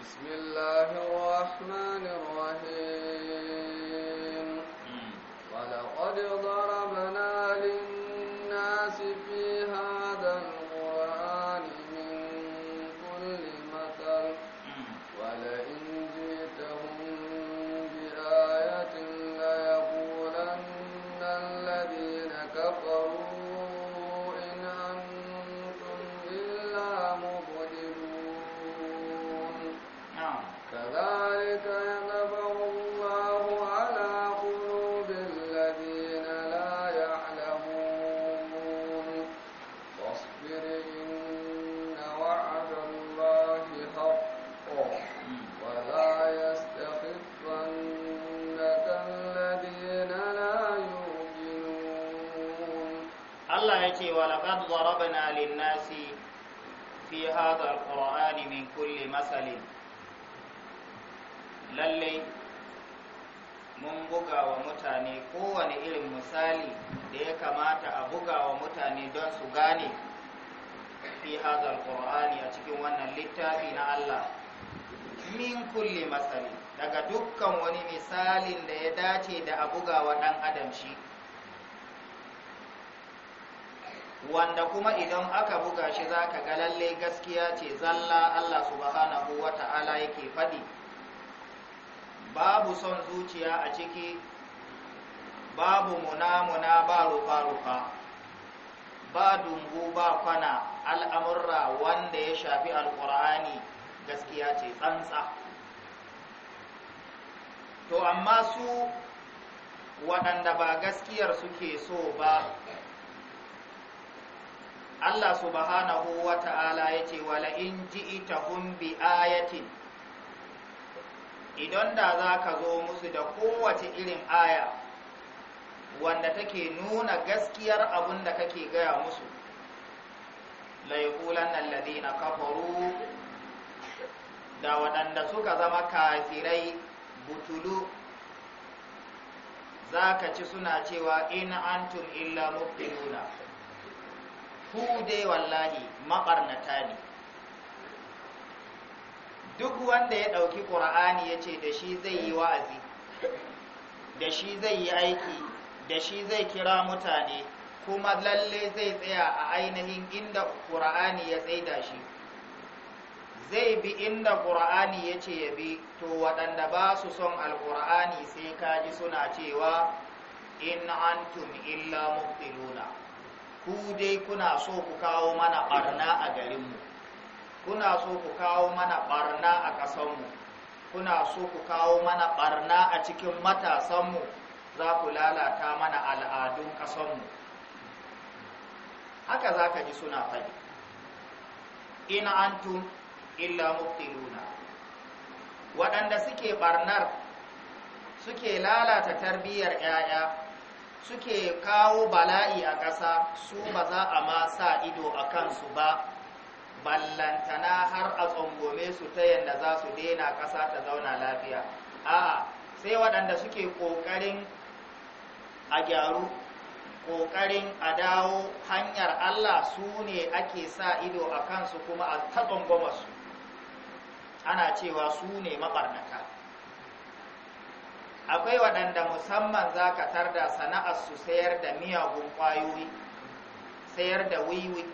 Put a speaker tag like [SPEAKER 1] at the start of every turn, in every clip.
[SPEAKER 1] بسم الله الرحمن الرحيم ولقد ضرب
[SPEAKER 2] هذا القرآن من كل مثل للي mun buga wa mutane kowane irin misali da ya kamata a buga wa mutane don su gane fi hazar qur'ani a cikin wannan littafi na Allah min kulli masali daga dukkan wani misalin da ya dace da a buga wa ɗan adam shi wanda kuma idan aka buga shi za ka ga lalle gaskiya ce zalla Allah subhanahu wa ta'ala yake faɗi babu son zuciya a ciki babu munamuna ba rufa-rufa ba dungu ba kwana al'amurra wanda ya shafi alƙur'ani gaskiya ce tsantsa to amma su waɗanda ba gaskiyar suke so ba Allah subhanahu wa ta'ala ya ce wala in ita bi ayatin idan da za ka zo musu da kowace irin aya wanda take nuna gaskiyar abin da kake gaya musu laikulan na kafaru da waɗanda suka zama kafirai butulu za ka ci suna cewa in antum illa mubtiluna ku dai wallahi maɓarnata ne duk wanda ya ɗauki ƙura'ani ya ce da shi zai yi wa'azi da shi zai yi aiki da shi zai kira mutane kuma lalle zai tsaya a ainihin inda ƙura'ani ya tsaida shi zai bi inda ƙura'ani ya ce ya bi to waɗanda ba su son alƙura'ani sai kaji suna cewa in antum illa mubtiluna ku dai kuna so ku kawo mana barna a garinmu kuna so ku kawo mana barna a ƙasanmu kuna so ku kawo mana barna a cikin matasanmu za ku lalata mana al'adun ƙasanmu haka za ka ji suna faɗi in antum illa muftiluna waɗanda suke barnar suke lalata tarbiyyar 'ya'ya suke kawo bala'i a ƙasa su ba za a ma sa ido a kansu ba ballantana har a tsangome su ta yadda za su daina ƙasa ta zauna lafiya a'a sai waɗanda suke ƙoƙarin a gyaru ƙoƙarin a dawo hanyar allah su ne ake sa ido a kansu kuma a ta su ana cewa su ne maɓarnata akwai waɗanda musamman za ka tarda su sayar da miyagun ƙwayoyi sayar da wiwi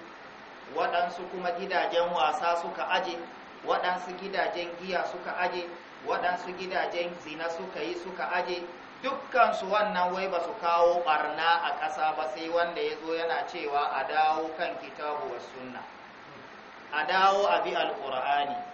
[SPEAKER 2] waɗansu kuma gidajen wasa suka aje waɗansu gidajen giya suka aje waɗansu gidajen zina suka yi suka aje dukkansu wannan wai ba su kawo ɓarna a ƙasa ba sai wanda ya zo yana cewa a dawo kan kitabu wa sunna a dawo a bi alƙur'ani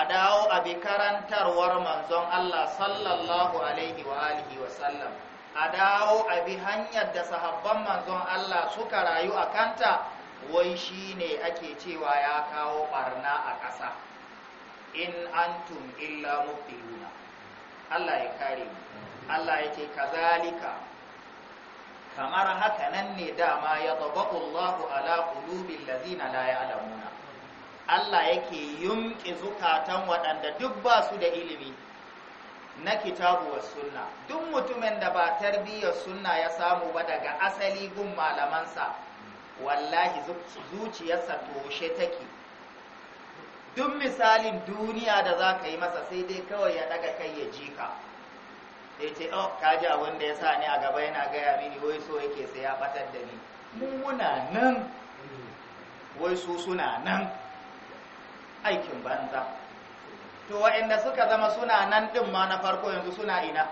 [SPEAKER 2] a dawo a bi karantarwar manzon Allah sallallahu alaihi wa alihi wa sallam a dawo a bi hanyar da sahabban manzon Allah suka rayu a kanta wai shi ne ake cewa ya kawo barna a ƙasa in antum illa mubtiluna Allah ya kare Allah ya ce kazalika kamar haka nan ne dama ya tabaqu ala qulubil ladina la ya'lamuna Allah yake yumƙi zukatan waɗanda duk ba su da ilimi na kitabu wa sunna duk mutumin da ba tarbiyyar sunna ya samu ba daga asali gun malamansa wallahi zuciyarsa toshe take duk misalin duniya da za ka yi masa sai dai kawai ya daga kai ya ji ka sai ce oh ji abin da ya sa ni a gaba yana gaya mini wai so yake sai ya batar da ni mu muna nan wai su suna nan aikin banza to waɗanda suka zama suna nan ɗin ma na farko yanzu suna ina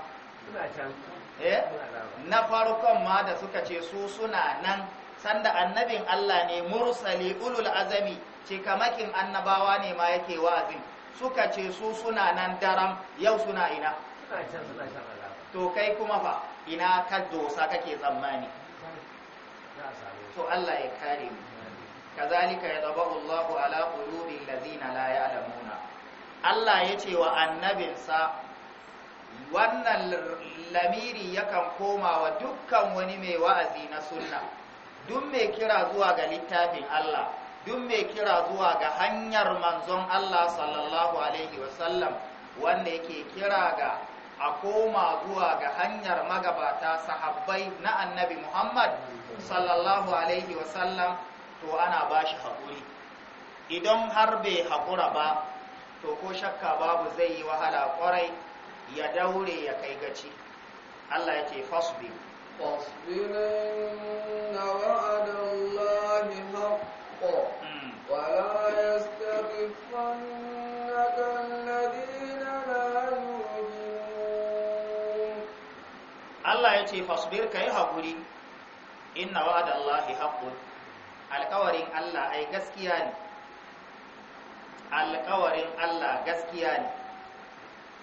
[SPEAKER 2] eh? na farkon ma da suka ce su suna nan sanda annabin Allah ne mursali ulul azami cikamakin annabawa ne ma yake wa'azin suka ce su suna nan daram yau suna ina to kai kuma fa ina ka dosa kake tsammani to Allah ya kare mu kazalika yadhabu Allahu ala qulubi allazina la ya'lamuna Allah yace wa annabinsa wannan lamiri yakan koma wa dukkan wani mai wa'azi na sunna duk mai kira zuwa ga littafin Allah duk mai kira zuwa ga hanyar manzon Allah sallallahu alaihi wasallam wanda yake kira ga a koma zuwa ga hanyar magabata sahabbai na annabi Muhammad sallallahu alaihi wasallam to ana ba shi haƙuri idan har bai haƙura ba to ko shakka babu zai yi wahala ƙwarai ya daure ya kai gaci Allah ya ce fasbi
[SPEAKER 1] lahi hmm. wala ya na na
[SPEAKER 2] Allah ya ce fasbir ka yi haƙuri inna wa'adin lahi haƙuri alkawarin Allah ai gaskiya ne alkawarin Allah gaskiya ne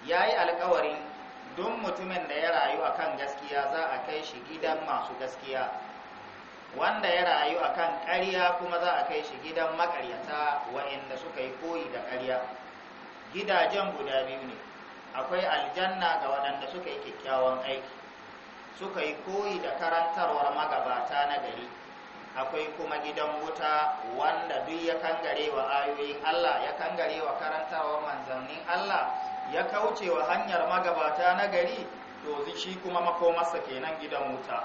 [SPEAKER 2] yayi alkawarin don mutumin da ya rayu akan gaskiya za a kai shi gidan masu gaskiya wanda ya rayu akan ƙarya kuma za a kai shi gidan makaryata waɗanda suka yi koyi da ƙarya gidajen guda biyu ne akwai aljanna ga waɗanda suka yi kyakkyawan aiki suka yi koyi da karantarwar magabata na gari akwai kuma gidan wuta wanda duk ya kangare wa ayoyin Allah ya kangare wa karantawa manzannin Allah ya kauce wa hanyar magabata na gari to shi kuma makomarsa kenan gidan wuta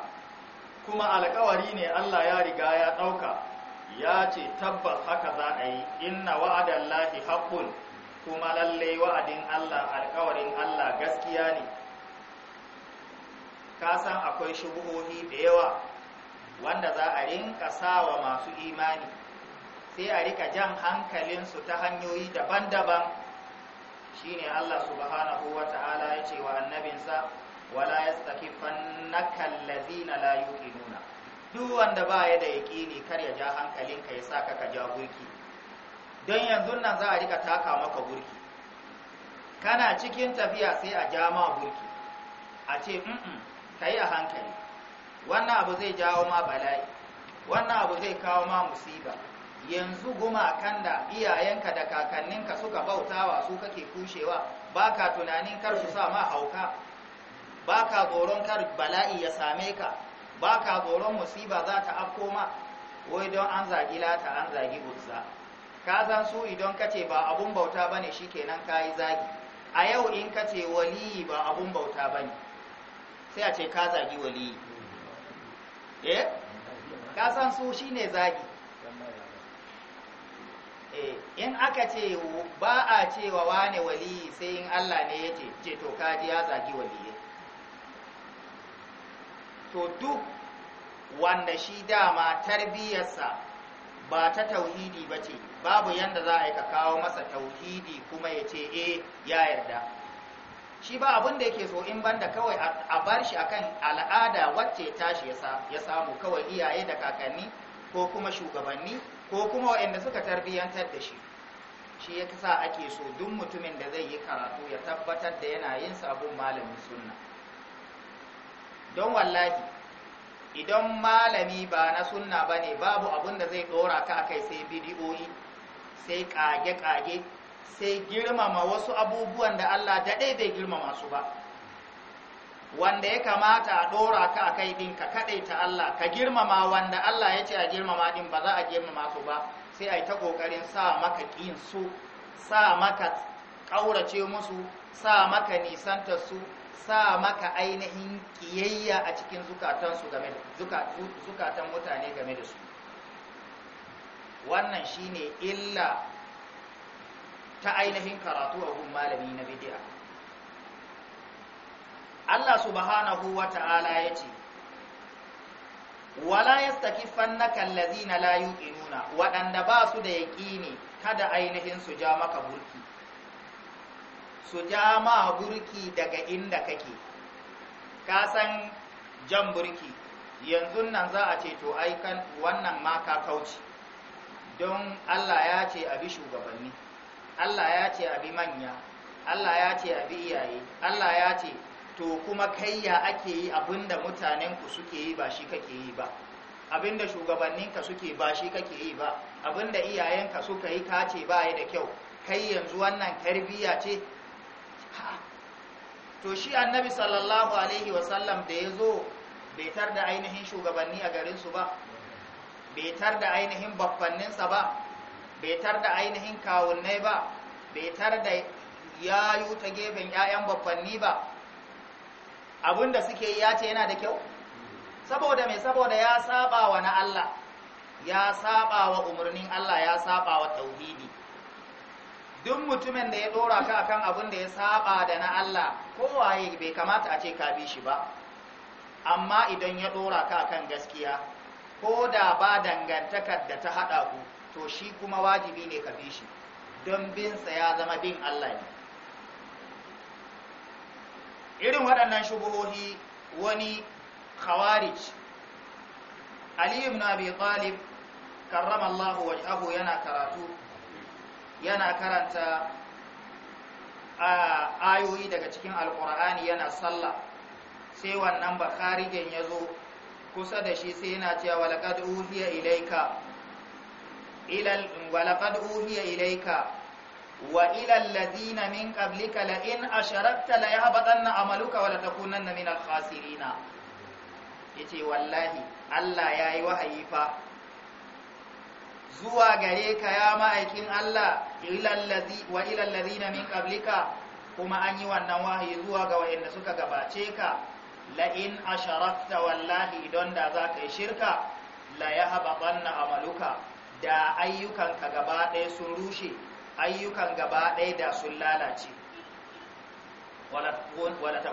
[SPEAKER 2] kuma alkawari ne Allah ya riga ya ɗauka ya ce tabbas haka za a yi inna wa'adan lahi haƙƙun kuma lallai wa'adin Allah alkawarin Allah gaskiya ne ka san akwai shubuhohi da yawa wanda za a rinka sawa masu imani sai a rika jan hankalinsu ta hanyoyi daban-daban shine Allah subhanahu wa ta'ala ya ce wa annabinsa wala ya yastakifannaka allazina la nuna. duk wanda ba ya da ne kar ya ja hankalinka ya sa kaka ja gurki don yanzu nan za a rika taka maka gurki kana cikin tafiya sai a ja ma gurki a ce mm, -mm kai a hankali wannan abu zai jawo ma bala'i wannan abu zai kawo ma musiba yanzu gumakan da iyayenka da kakanninka suka bautawa su kake kushewa baka tunanin kar su sa ma hauka baka tsoron kar bala'i ya same ka baka tsoron musiba za ta afko ma wai don an zagi lata an zagi guzza ka zan su idan ce ba abun bauta ba bane shikenan kayi zagi a yau in ka ce waliyi ba abun bauta ba ne? sai a ce ka zagi waliyi eh ka san su shine zagi eh in aka ce ba a cewa wane wali sai in Allah ne ya ce to kaji ya zagi waliye to duk wanda shi dama tarbiyyarsa ba ta tauhidi ba ce babu yanda za a yi ka kawo masa tauhidi kuma ya ce eh ya yarda shi ba abin da yake so in banda kawai a bar shi akan al'ada wacce tashi ya samu kawai iyaye da kakanni ko kuma shugabanni ko kuma waɗanda suka tarbiyyantar da shi shi ya kasa ake so duk mutumin da zai yi karatu ya tabbatar da yana yin sabon malamin sunna don wallahi idan malami ba na sunna ba ne babu abin da zai ɗora ka kai sai bidiyoyi sai ƙage-ƙage sai girmama wasu abubuwan da Allah daɗe bai girmama su ba wanda ya kamata a ɗora ka a kai ɗin ka ta Allah ka girmama wanda Allah ya ce a girmama ɗin ba za a girmama su ba sai a yi ta ƙoƙarin sa maka ƙin su sa maka ƙaurace musu sa maka nisanta su sa maka ainihin ƙiyayya a cikin zukatan mutane game da su wannan shine illa ta ainihin karatu a gun malami na bidi'a Allah subhanahu wa ta'ala ya ce wala yastakifannaka na layu inuna waɗanda ba su da ne kada ainihin su ja maka burki su ja ma burki daga inda kake ka san jan burki yanzu nan za a ce to aikan wannan ma ka kauce don Allah ya ce a bi shugabanni Allah ya ce abi manya Allah ya ce abi iyaye Allah ya ce to kuma kai ya ake yi abinda mutanenku suke yi ba shi kake yi ba abinda shugabanninka suke ba shi kake yi ba abinda iyayenka suka yi ka ce ba yi da kyau kai yanzu wannan tarbiyya ce to shi annabi sallallahu alaihi wasallam da ya zo bai tar da ainihin shugabanni a garinsu ba bai tar da ainihin baffanninsa ba bai tar da ainihin kawunnai ba bai tar da yi ta gefen 'ya'yan babbanni ba abinda suke ya ce yana da kyau saboda mai saboda ya saba wa na Allah ya saba wa umarnin Allah ya saba wa tauhidi duk mutumin da ya dora ka akan abin da ya saba da na Allah kowaye bai kamata a ce ka bi shi ba amma idan ya dora ka akan gaskiya ko da ba dangantakar da ta haɗa ku to shi kuma wajibi ne ka bi shi don binsa ya zama bin Allah ne irin waɗannan shubuhohi wani khawarij Ali ibn Abi Talib karramallahu wajhahu yana karatu yana karanta ayoyi daga cikin alkur'ani yana sallah sai wannan bakharijen yazo kusa da shi sai yana cewa laqad uhiya ilayka ilal walaqad uhiya ilayka wa ilal ladina min qablika la in asharakta la yahbatanna amaluka wa la takunanna min al khasirin yace wallahi Allah yayi wahayi fa zuwa gare ka ya ma'aikin Allah wa ilal min qablika kuma an yi wannan wahayi zuwa ga wayanda suka gabace ka la'in in wallahi don da zaka yi shirka la da ayyukanka gaba ɗaya sun rushe ayyukan gaba ɗaya da sun lalace wala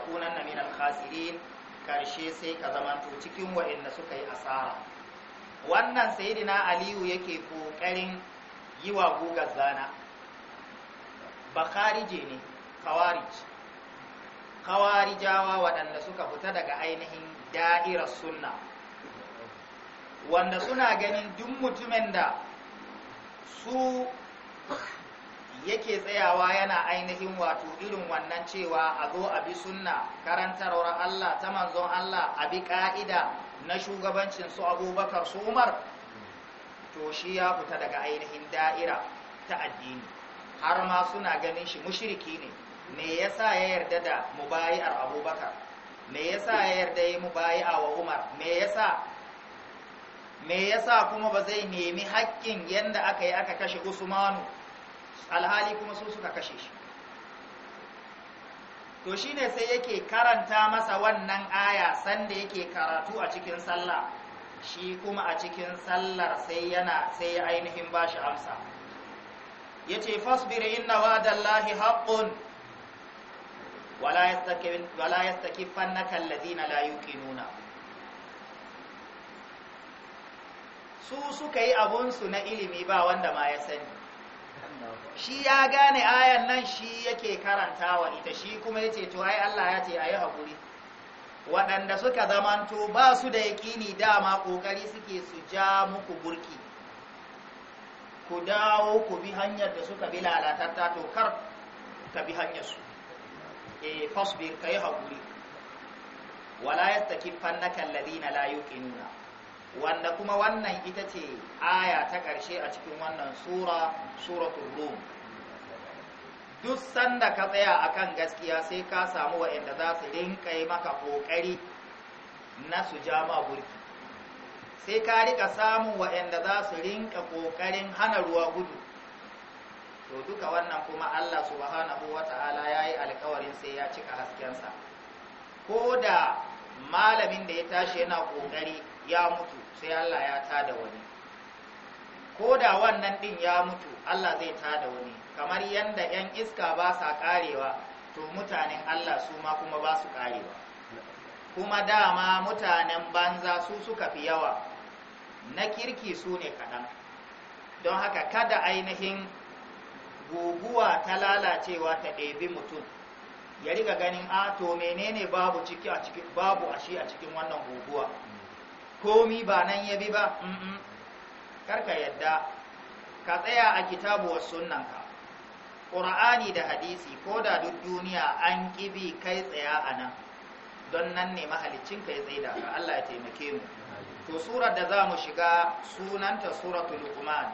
[SPEAKER 2] kunan na minan khasirin karshe sai ka zamanto cikin waɗanda suka yi asara wannan na aliyu yake ƙoƙarin yi wa gugar zana bakarije ne kawarij kawarijawa waɗanda suka fita daga ainihin da'irar sunna wanda suna ganin duk mutumin da su yake tsayawa yana ainihin wato irin wannan cewa a zo a bi sunna karantarwar Allah ta manzon Allah a bi ka'ida na shugabancin su abubakar su umar to shi ya fita daga ainihin da'ira ta addini har ma suna ganin shi mushiriki ne me yasa ya yarda da mubayi'ar abubakar me yasa ya yarda ya yi mubayi'a wa umar me yasa me yasa kuma ba zai nemi haƙƙin yadda aka yi aka kashe usmanu alhali kuma su suka kashe shi to shine sai yake karanta masa wannan aya sanda yake karatu a cikin sallah shi kuma a cikin sallar sai yana sai ya ainihin bashi amsa yace fasbir inna wa'dallahi haqqun wala yastakif wala yastakifannaka alladhina la yuqinuna su suka yi abunsu na ilimi ba wanda ma ya sani shi ya gane ayan nan shi yake karantawa ita shi kuma ya ce to ai Allah ya ce ayi hakuri waɗanda suka zamanto ba su da yaƙini dama ƙoƙari suke su ja muku burki ku dawo ku bi hanyar da suka bi ta to kar ka bi hanyar su eh fasbir kai hakuri wala yastakifanna kallazina la yuqinuna wanda kuma wannan ita ce aya ta ƙarshe a cikin wannan sura suratul rum duk sanda ka tsaya akan gaskiya sai ka samu waɗanda za su rinka yi maka ƙoƙari na su ja ma burki sai ka rika samun waɗanda za su rinka ƙoƙarin hana ruwa gudu to duka wannan kuma Allah subhanahu wata'ala ya yi alkawarin sai ya cika haskensa ko da malamin da ya tashi yana ƙoƙari ya mutu sai Allah ya tada wani ko da wannan din ya mutu Allah zai tada wani kamar yadda yan iska ba sa karewa to mutanen Allah su ma kuma ba su karewa kuma dama mutanen banza su suka fi yawa na kirki su ne kaɗan don haka kada ainihin guguwa ta lalacewa ta ɗebi mutum ya riga ganin a ah, to menene babu ciki babu a shi a cikin wannan guguwa komi ba nan ya bi ba karka yadda ka tsaya a kitabu wa sunnanka ƙura'ani da hadisi ko da duk duniya an ƙibi kai tsaya a nan don nan ne mahalicin kai tsaye da ka Allah ya taimake mu to surar da za mu shiga sunanta suratul luqman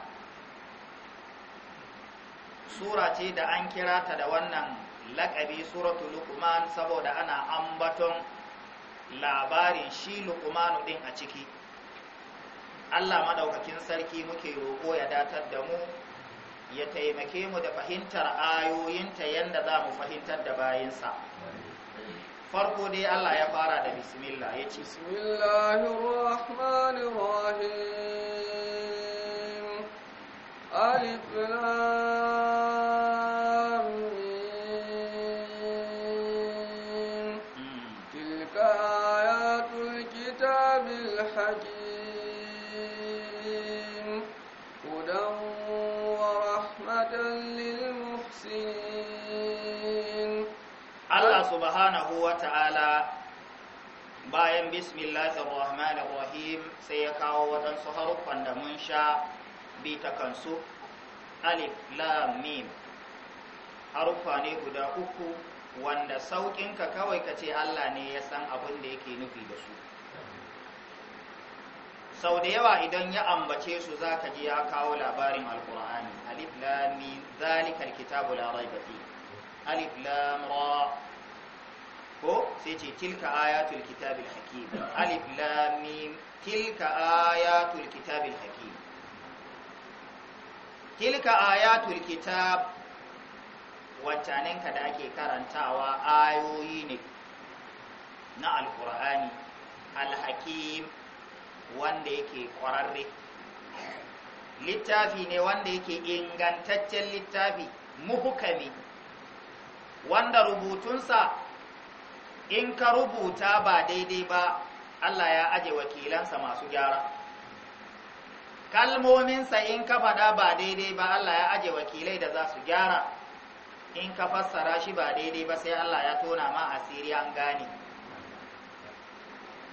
[SPEAKER 2] sura ce da an kira ta da wannan laƙabi suratul luqman saboda ana ambaton labarin shi lukmanu din a ciki Allah madaukakin sarki muke roƙo ya datar da mu ya taimake mu da fahimtar ayoyinta yanda za mu fahimtar da bayinsa farko dai Allah ya fara da
[SPEAKER 1] bismillah ya ce bismillahirrahmanirrahim alif lam subhanahu
[SPEAKER 2] wa ta'ala bayan bismillahir sai ya kawo waɗansu haruffan da mun sha bi ta kansu alif lam mim haruffa ne guda uku wanda sauƙinka kawai ka ce Allah ne ya san abin da yake nufi da su sau da yawa idan ya ambace su za ka ji ya kawo labarin alkur'ani alif lam mim zalikal kitabu la raiba alif lam ra ko sai ce tilka ayatul kitabil hakim alif lam mim tilka ayatul kitabil hakim tilka ayatul kitab ka da ake karantawa ayoyi ne na alqur'ani alhakim wanda yake kwararre littafi ne wanda yake ingantaccen littafi muhukami wanda rubutunsa in ka rubuta ba daidai ba Allah ya aje wakilansa masu gyara kalmominsa in ka faɗa ba daidai ba Allah ya aje wakilai da za su gyara in ka fassara shi ba daidai ba sai Allah ya tona ma asiri an gane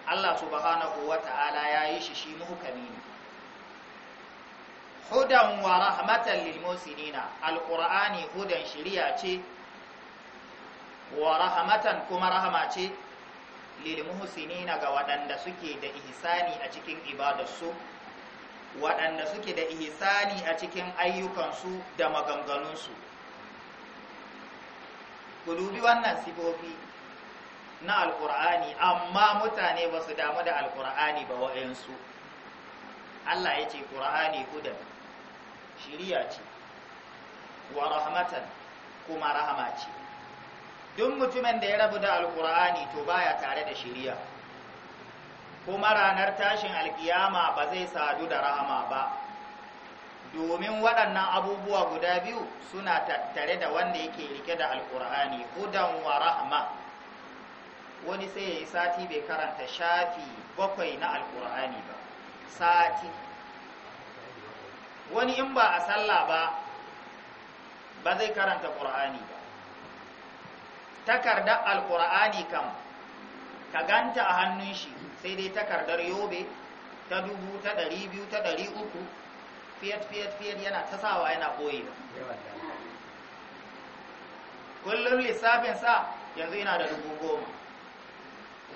[SPEAKER 2] Allah subhanahu wa ta'ala ya yi shi shi muhukami ne hudan wa rahmatan lil musinina alqur'ani hudan shiriya ce wa rahmatan kuma rahama ce lil muhsinina ga waɗanda suke da ihsani a cikin ibadarsu waɗanda suke da ihsani a cikin ayyukansu da maganganunsu ku dubi wannan sifofi na alkur'ani amma mutane ba su damu da alkur'ani ba wa'insu. Allah ya ce ƙur'ani hudan shiriya ce wa rahmatan kuma rahama ce duk mutumin da ya rabu da alkur'ani to baya tare da shiriya kuma ranar tashin alkiyama ba zai sadu da rahama ba domin waɗannan abubuwa guda biyu suna tattare da wanda yake rike da alkur'ani hudan wa rahama wani sai ya yi sati bai karanta shafi bakwai na alkur'ani ba sati wani in ba a sallah ba ba zai karanta ƙur'ani ba takardar alkur'ani kam ka ganta a hannun shi sai dai takardar yobe ta dubu ta ɗari biyu ta ɗari uku fiyat fiyat fiyat yana ta sawa yana ɓoye kullum lissafin sa yanzu yana da dubu goma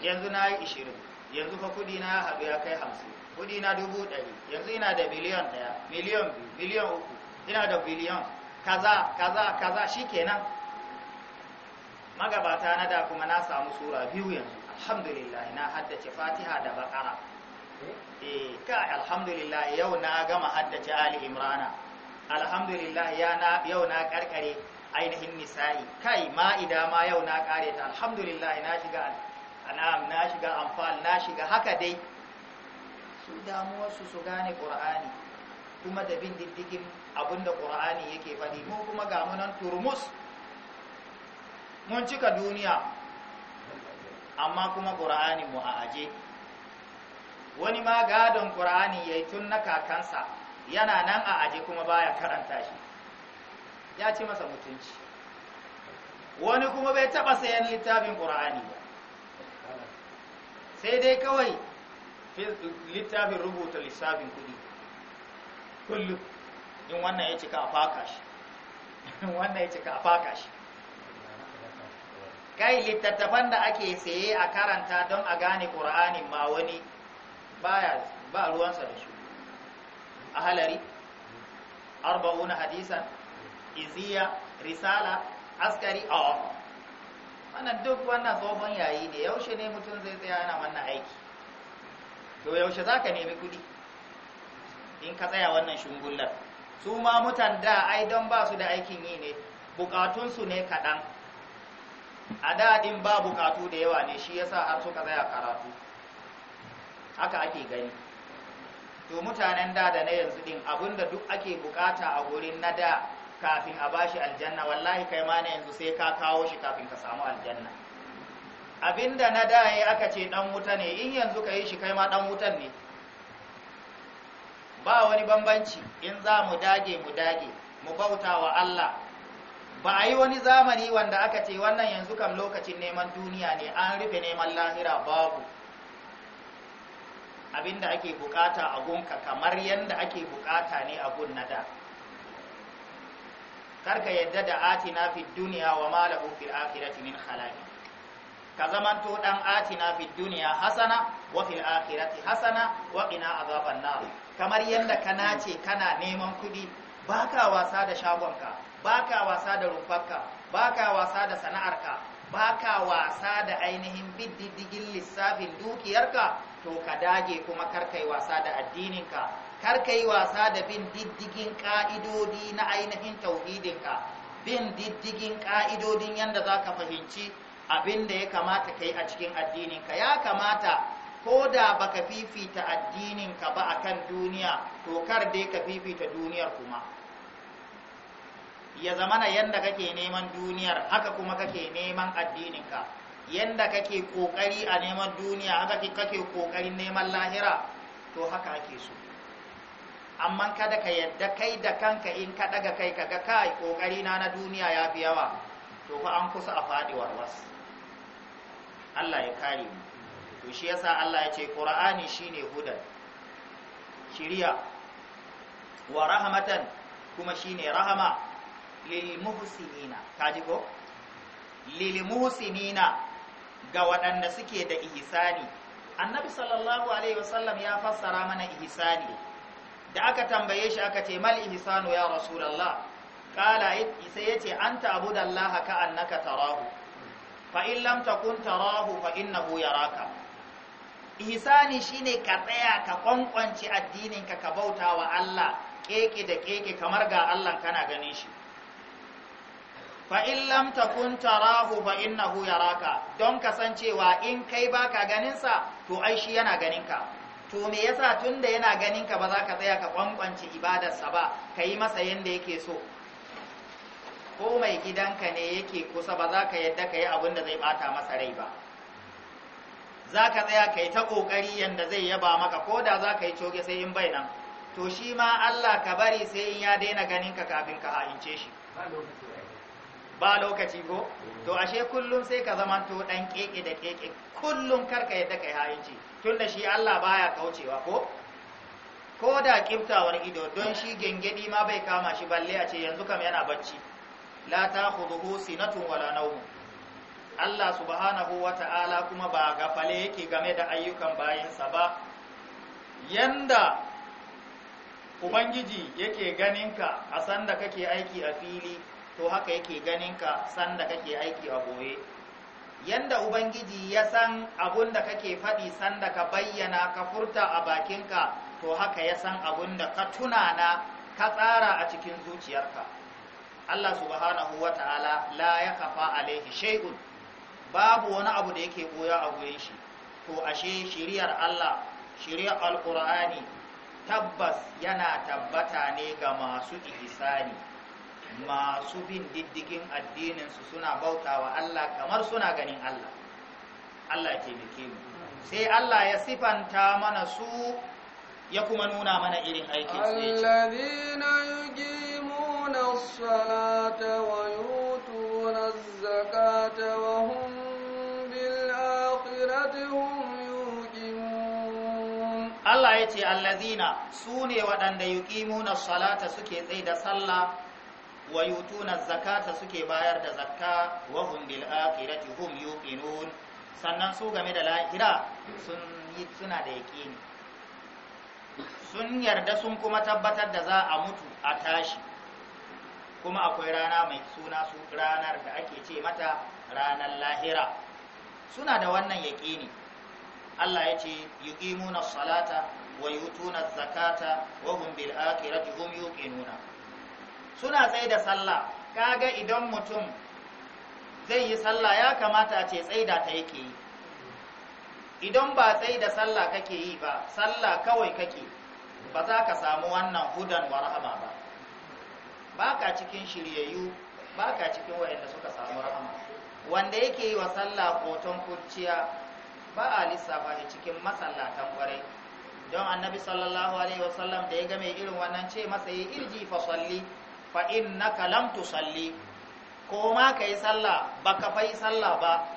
[SPEAKER 2] yanzu na yi ishirin yanzu fa kudi na haɗu ya kai hamsin kudi na dubu ɗari yanzu ina da miliyan ɗaya miliyan biyu miliyan uku ina da biliyan kaza kaza kaza shi kenan magabata na da kuma na samu sura biyu yanzu alhamdulillah na haddace fatiha da bakara eh? eh ka alhamdulillah yau na gama haddace ali imrana alhamdulillah ya na yau na karkare ainihin nisa'i kai ma'ida ma yau na kare ta alhamdulillah na shiga anam na shiga amfal na shiga haka dai su damuwarsu su su gane qur'ani kuma da bin diddigin abinda qur'ani yake faɗi mu kuma ga munan turmus mun cika duniya amma kuma ƙura'ani mu a aje wani ma gadon ƙura'ani ya yi tun na kakansa yana nan a aje kuma baya karanta shi ya ci masa mutunci wani kuma bai taɓa sayan littafin ƙura'ani ba sai dai kawai littafin rubuta lissafin kuɗi kullum in wannan ya cika a faka shi kai littattafan da ake saye a karanta don a gane ƙura'anin ma wani baya ba ruwansa da shi. a halari arba'una hadisan iziya risala askari a wannan duk wannan tsohon yayi ne yaushe ne mutum zai tsaya yana wannan aiki to yaushe za ka nemi kudi in ka tsaya wannan shungullar su ma mutan da ai don ba su da aikin yi ne bukatunsu ne kaɗan a din ba bukatu da yawa ne shi yasa har suka zaya karatu haka ake gani to mutanen da da na yanzu din abinda duk ake bukata a gurin na da kafin a bashi aljanna wallahi kai ma na yanzu sai ka kawo shi kafin ka samu aljanna abinda na da yayi aka ce dan wuta ne in yanzu ka yi shi kai ma dan wutan ne ba wani bambanci in za mu dage mu dage mu bauta wa Allah ba a yi wani zamani wanda aka ce wannan yanzu kam lokacin neman duniya ne an rufe neman lahira babu abinda ake bukata a gunka kamar yadda ake bukata ne a gun na da karka yadda da atina fi duniya wa malahu fil akhirati min khalaqi ka to dan atina fi duniya hasana wa fil akhirati hasana wa qina azaban nar kamar yadda kana ce kana neman kudi baka wasa da shagonka baka wasa da rufarka baka wasa da sana'arka baka wasa da ainihin bididdigin lissafin dukiyarka to ka dage kuma karkai wasa da addininka karkai wasa da bin diddigin ka'idodi na ainihin tauhidinka bin diddigin ka'idodin yadda za ka fahimci abin da ya kamata kai a cikin addininka ya kamata ko da baka fifita addininka ba akan duniya to kar dai ka fifita duniyar kuma ya zamana yanda kake neman duniyar haka kuma kake neman addininka yanda kake kokari a neman duniya haka kake kokarin neman lahira to haka ake so amma kada ka yadda kai da kanka in ka daga kai kaga kai kokari na na duniya ya fi yawa to fa an kusa a fadi warwas Allah ya kare mu to shi yasa Allah ya ce Qur'ani shine hudan shiriya wa rahmatan kuma shine rahama lil kaji ko lil ga waɗanda suke da ihsani annabi sallallahu alaihi wasallam ya fassara mana ihsani da aka tambaye shi aka ce mal ihsanu ya rasulullah kala sai yace anta abudallaha ka annaka tarahu fa in lam takun tarahu fa innahu yaraka ihsani shine ka tsaya ka kwankwance addininka ka bauta wa Allah keke da keke kamar ga Allah kana ganin shi fa in lam takun tarahu fa innahu yaraka don kasancewa in kai baka ganin sa to ai shi yana ganin ka to me yasa tunda yana ganin ka ba za ka tsaya ka kwankwance ibadar sa ba kai masa yanda yake so ko mai gidanka ne yake kusa ba za ka yadda ka yi abin da zai bata masa rai ba za ka tsaya kai ta ƙoƙari yanda zai yaba maka ko da za ka yi coge sai in bai nan to shi ma allah ka bari sai in ya daina ganin ka kafin ka ha'ince shi ba lokaci ko to ashe kullum sai ka zama to dan keke da keke kullum karka yadda kai hayinci tunda shi Allah baya kaucewa ko ko da kiftawar ido don shi gengedi ma bai kama shi balle a ce yanzu kam yana bacci la ta'khudhuhu sinatun wala nawm Allah subhanahu wata'ala kuma ba gafale yake game da ayyukan sa ba yanda ubangiji yake ganinka a sanda kake aiki a fili to haka yake ganin ka sanda kake aiki a boye yanda ubangiji ya san abun da kake faɗi sanda ka bayyana ka furta a bakinka to haka ya san abun da ka tunana ka tsara a cikin zuciyarka Allah subhanahu wa ta'ala la ya kafa alaihi shay'un babu wani abu da yake goya a gurin shi to ashe shiriyar Allah shiriyar alqur'ani tabbas yana tabbata ne ga masu ihsani masu bin diddigin addininsu suna bautawa Allah kamar suna ganin Allah Allah bike mu sai Allah ya sifanta mana su ya kuma nuna mana irin aikin su
[SPEAKER 1] alladhina yuqimuna as-salata wa yutuna az-zakata wa hum bil akhirati hum Allah yace
[SPEAKER 2] alladhina sune waɗanda yuqimuna as-salata suke tsaye da sallah wa yutuna zakata suke bayar da zakka wa hum bil akhirati hum yuqinun sannan su game da lahira sun yi suna da yaqini sun yarda sun kuma tabbatar da za a mutu a tashi kuma akwai rana mai suna su ranar da ake ce mata ranar lahira suna da wannan yaqini Allah ya ce yuqimuna salata wa yutuna zakata wa hum bil akhirati hum yuqinuna suna tsaye da sallah kaga idan mutum zai yi sallah ya kamata a ce tsaida ta yake yi idan ba tsaye da sallah kake yi ba sallah kawai kake ba za ka samu wannan hudan wa rahama ba ba ka cikin shiryayyu ba ka cikin da suka samu rahama wanda yake yi wa sallah hoton kurciya ba a lissafa shi cikin masallatan kwarai don annabi sallallahu alaihi wasallam da ya game irin wannan ce masa yi irji fasalli. fa na kalamtu salli, ko ma yi sallah ka fai sallah ba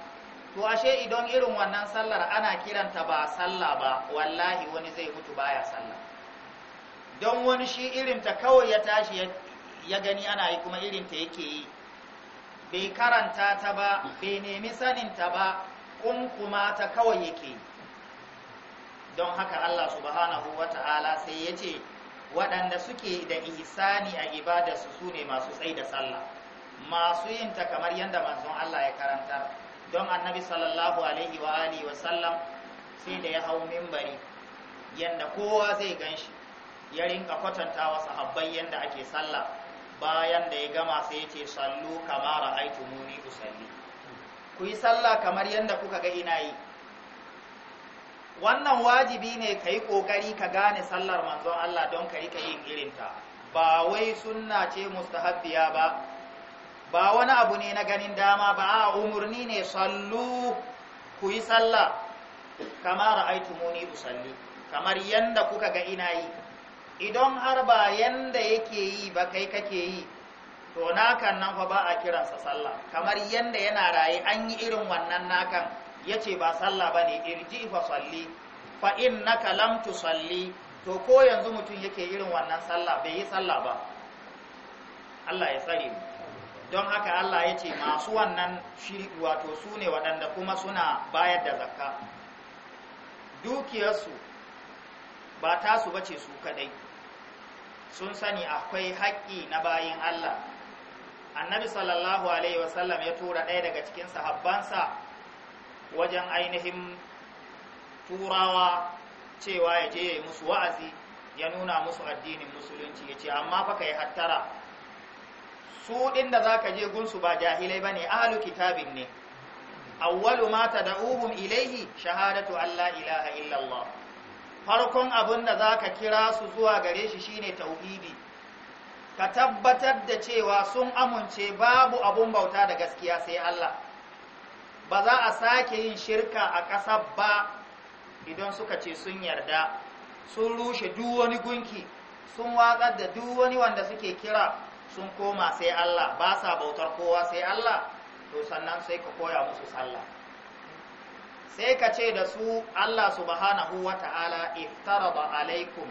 [SPEAKER 2] to ashe idan irin wannan sallar ana kiranta ba sallah ba wallahi wani zai mutu baya sallah don wani shi irinta kawai ya tashi ya gani ana yi kuma irin irinta yake yi bai karanta ta ba bai nemi saninta ba kuma ta kawai yake don haka Allah subhanahu wa ta'ala sai ya ce waɗanda suke da ihsani a ibadarsu su ne masu tsayi da sallah masu yin ta kamar yadda manzon Allah ya karanta, don annabi sallallahu alaihi wa alihi wa sallam sai da ya hau mimbari yadda kowa zai ganshi ya rinka kwatanta wa sahabbai yadda ake sallah bayan da ya gama sai ya ce sallu kamar ra'aytumuni usalli ku yi sallah kamar yadda kuka ga ina yi wannan wajibi ne ka yi ƙoƙari ka gane sallar manzon Allah don ka rika yin irinta ba wai sunna ce mustahabbiya ba ba wani abu ne na ganin dama ba a umarni ne sallu ku yi sallah kamar aitumuni usalli kamar yanda kuka ga ina yi idan har ba yanda yake yi ba kai kake yi to nakan nan fa ba a kiransa sallah kamar yanda yana raye an yi irin wannan nakan yace ba sallah bane irji fa salli fa innaka lam tusalli to ko yanzu mutum yake irin wannan sallah bai yi sallah ba Allah ya tsare mu don haka Allah ya ce masu wannan shirku wato su ne waɗanda kuma suna bayar da zakka dukiyarsu ba tasu ba ce su kadai sun sani akwai haƙƙi na bayin Allah annabi sallallahu alaihi wasallam ya tura ɗaya daga cikin sahabbansa wajen ainihin turawa cewa ya je musu wa'azi ya nuna musu addinin musulunci ya ce amma fa ka yi hattara su ɗin da za ka je gunsu ba jahilai ba ne ahalu kitabin ne awwalu ma uhun ilaihi shahadatu Allah, ilaha illallah farkon abin da za ka kira su zuwa gare shi shine tauhidi ka tabbatar da cewa sun amince babu abun bauta da gaskiya sai Allah ba za a sake yin shirka a ƙasa ba idan suka ce sun yarda sun rushe duk gunki sun watsar da duk wani wanda suke kira sun koma sai Allah ba sa bautar kowa sai Allah to sannan sai ka koya musu sallah sai ka ce da su Allah subhanahu wa ta'ala iftaraba alaikum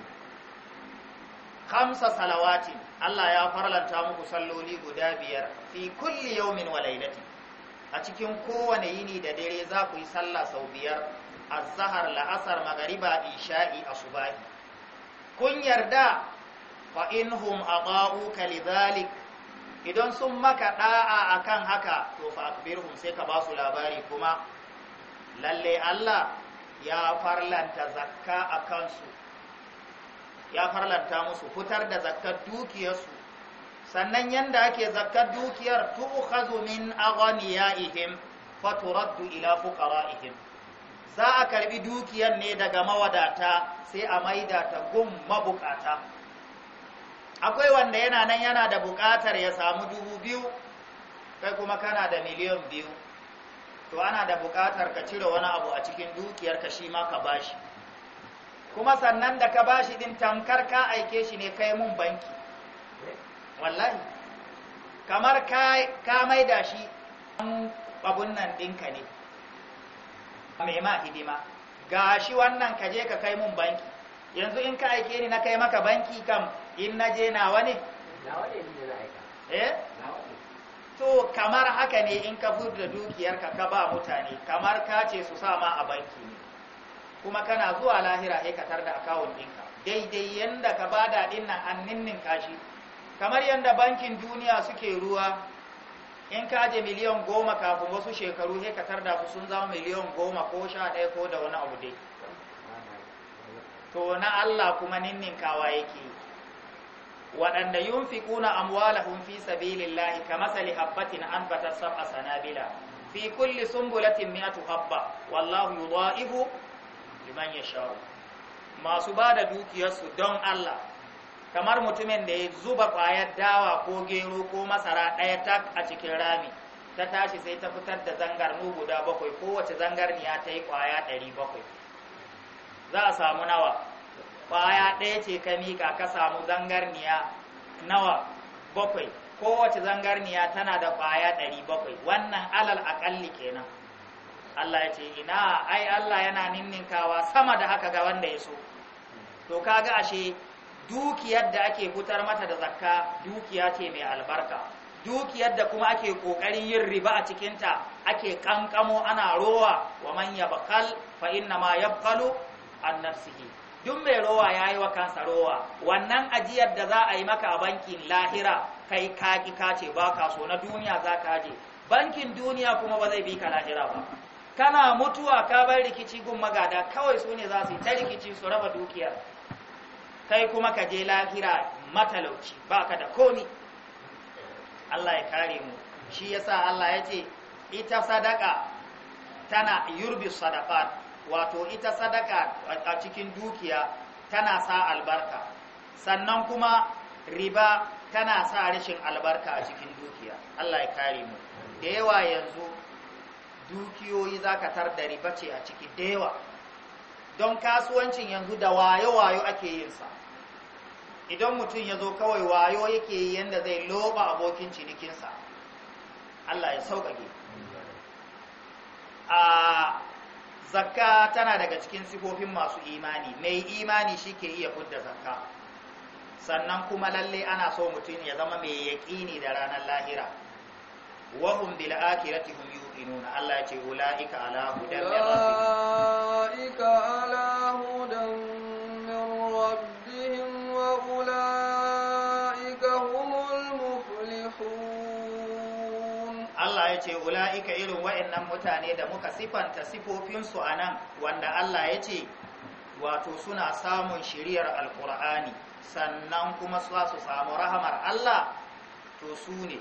[SPEAKER 2] khamsa salawatin Allah ya farlanta muku salloli guda biyar fi kulli yawmin wa lailatin a cikin kowane yini da dare za ku yi sallah sau biyar a zahar la'asar magariba isha'i asubahi kun yarda fa a ada'uka lidhalik idan sun maka a akan haka to fa sai ka basu labari kuma lalle Allah ya farlanta zakka a kansu. ya farlanta musu fitar da zakkar dukiyarsu sannan yanda ake zakkar dukiyar tu'khadhu min aghniyaihim fa turaddu ila fuqaraihim za a karbi dukiyar ne daga mawadata sai a maida ta gum mabukata akwai wanda yana nan yana da buƙatar ya samu dubu biyu kai kuma kana da miliyan biyu to ana da bukatar ka cire wani abu a cikin dukiyar ka shi ma ka bashi kuma sannan da ka bashi din tamkar ka aike shi ne kai mun banki wallahi kamar ka da shi abun nan ɗinka ne mai ma hidima ga shi wannan ka je ka kai mun banki yanzu in ka aike ni na kai maka banki kam in na je nawa ne eh to kamar haka ne in ka da dukiyarka ka ba mutane kamar ka ce su sa ma a banki ne kuma kana zuwa lahira aikatar ka tarda akawun ɗinka daidai yanda ka bada ɗin nan an ninninka shi kamar yadda bankin duniya suke ruwa in ka je miliyan goma kafin wasu shekaru sai ka tarda sun zama miliyan goma ko sha ɗaya ko da wani abu dai to na Allah kuma ninnin kawa yake waɗanda yun fi ƙuna amwalahun fi sabilillahi ka masali habbatin an sab a sanabila fi kulli sumbulatin mi'atu habba wallahu ihu, liman yasha'u masu ba da dukiyarsu don Allah kamar mutumin da ya zuba ƙwayar dawa ko gero ko masara ɗaya tak a cikin rami ta tashi sai ta fitar da zangarnu guda bakwai kowace zangarniya ta yi ƙwaya ɗari bakwai za a samu nawa ƙwaya ɗaya ce ka miƙa ka samu zangarniya nawa bakwai kowace zangarniya tana da ƙwaya ɗari bakwai wannan alal aƙalli kenan Allah ya ce ina ai Allah yana ninninkawa sama da haka ga wanda ya so to kaga ashe dukiyar da ake fitar mata da zakka dukiya ce mai albarka dukiyar da kuma ake kokarin yin riba a cikinta ake kankamo ana rowa wa man yabqal fa inna ma yabqalu an nafsihi duk mai rowa yayi wa kansa rowa wannan ajiyar da za a yi maka a bankin lahira kai kaki kace baka so na duniya za ka je bankin duniya kuma ba zai bi ka lahira ba kana mutuwa ka bar rikici gun magada kawai sune ne za su yi ta rikici su raba dukiyar kai kuma ka je lahira matalauci ka da komi Allah ya kare mu shi yasa Allah ya ce ita sadaka tana yurbi sadaqat wato ita sadaka a cikin dukiya tana sa albarka sannan kuma riba tana sa rashin albarka a cikin dukiya Allah ya kare mu da yawa yanzu dukiyoyi zaka tar da riba ce a ciki da yawa don kasuwancin yanzu da wayo-wayo ake yinsa. idan mutum ya zo kawai wayo yake yi yadda zai loba abokin cinikinsa Allah ya sauƙaƙe a zakka tana daga cikin sifofin masu imani mai imani shi ke iya fudda zakka sannan kuma lalle ana so mutum ya zama mai yaƙini da ranar lahira wahum bil akhirati hum nuna, Allah ya ce ulaika ala hudan
[SPEAKER 1] min
[SPEAKER 2] ula'ika irin wa'annan mutane da muka sifanta sifofinsu a nan wanda Allah ya ce wato suna samun shiriyar alkur'ani sannan kuma su samu rahamar Allah to su ne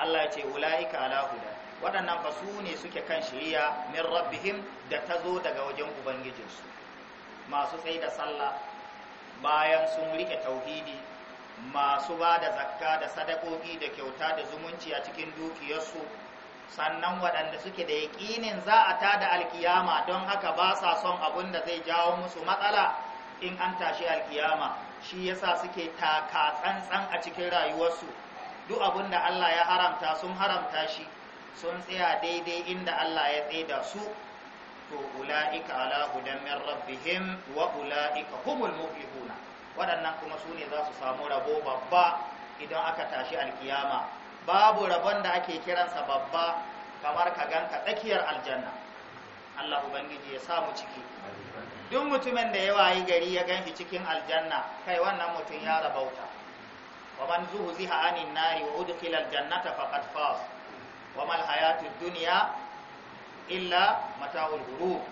[SPEAKER 2] Allah ya ce ula'ika ala huda waɗannan fa su ne suke kan shiriya min rabbihim da ta zo daga wajen ubangijinsu masu tsaye da sallah bayan sun riƙe tauhidi masu ba da zakka da sadakoki da kyauta da zumunci a cikin dukiyarsu sannan waɗanda suke da yaƙinin za a da alkiyama don haka ba sa son abin da zai jawo musu matsala in an tashi alkiyama shi yasa suke taka tsantsan a cikin rayuwarsu duk abin da Allah ya haramta sun haramta shi sun tsaya daidai inda Allah ya tsaida su to ula'ika ala hudan min rabbihim wa ula'ika humul muflihuna waɗannan kuma su ne za su samu rabo babba idan aka tashi alkiyama babu rabon da ake kiransa babba kamar ka ganka tsakiyar aljanna Allah ubangiji ya samu ciki duk mutumin da ya wayi gari ya ganshi cikin aljanna kai wannan mutum ya rabauta wa man zuhziha anin nari wa udkhila aljannata faqad faz wa mal hayatud dunya illa mata'ul ghurur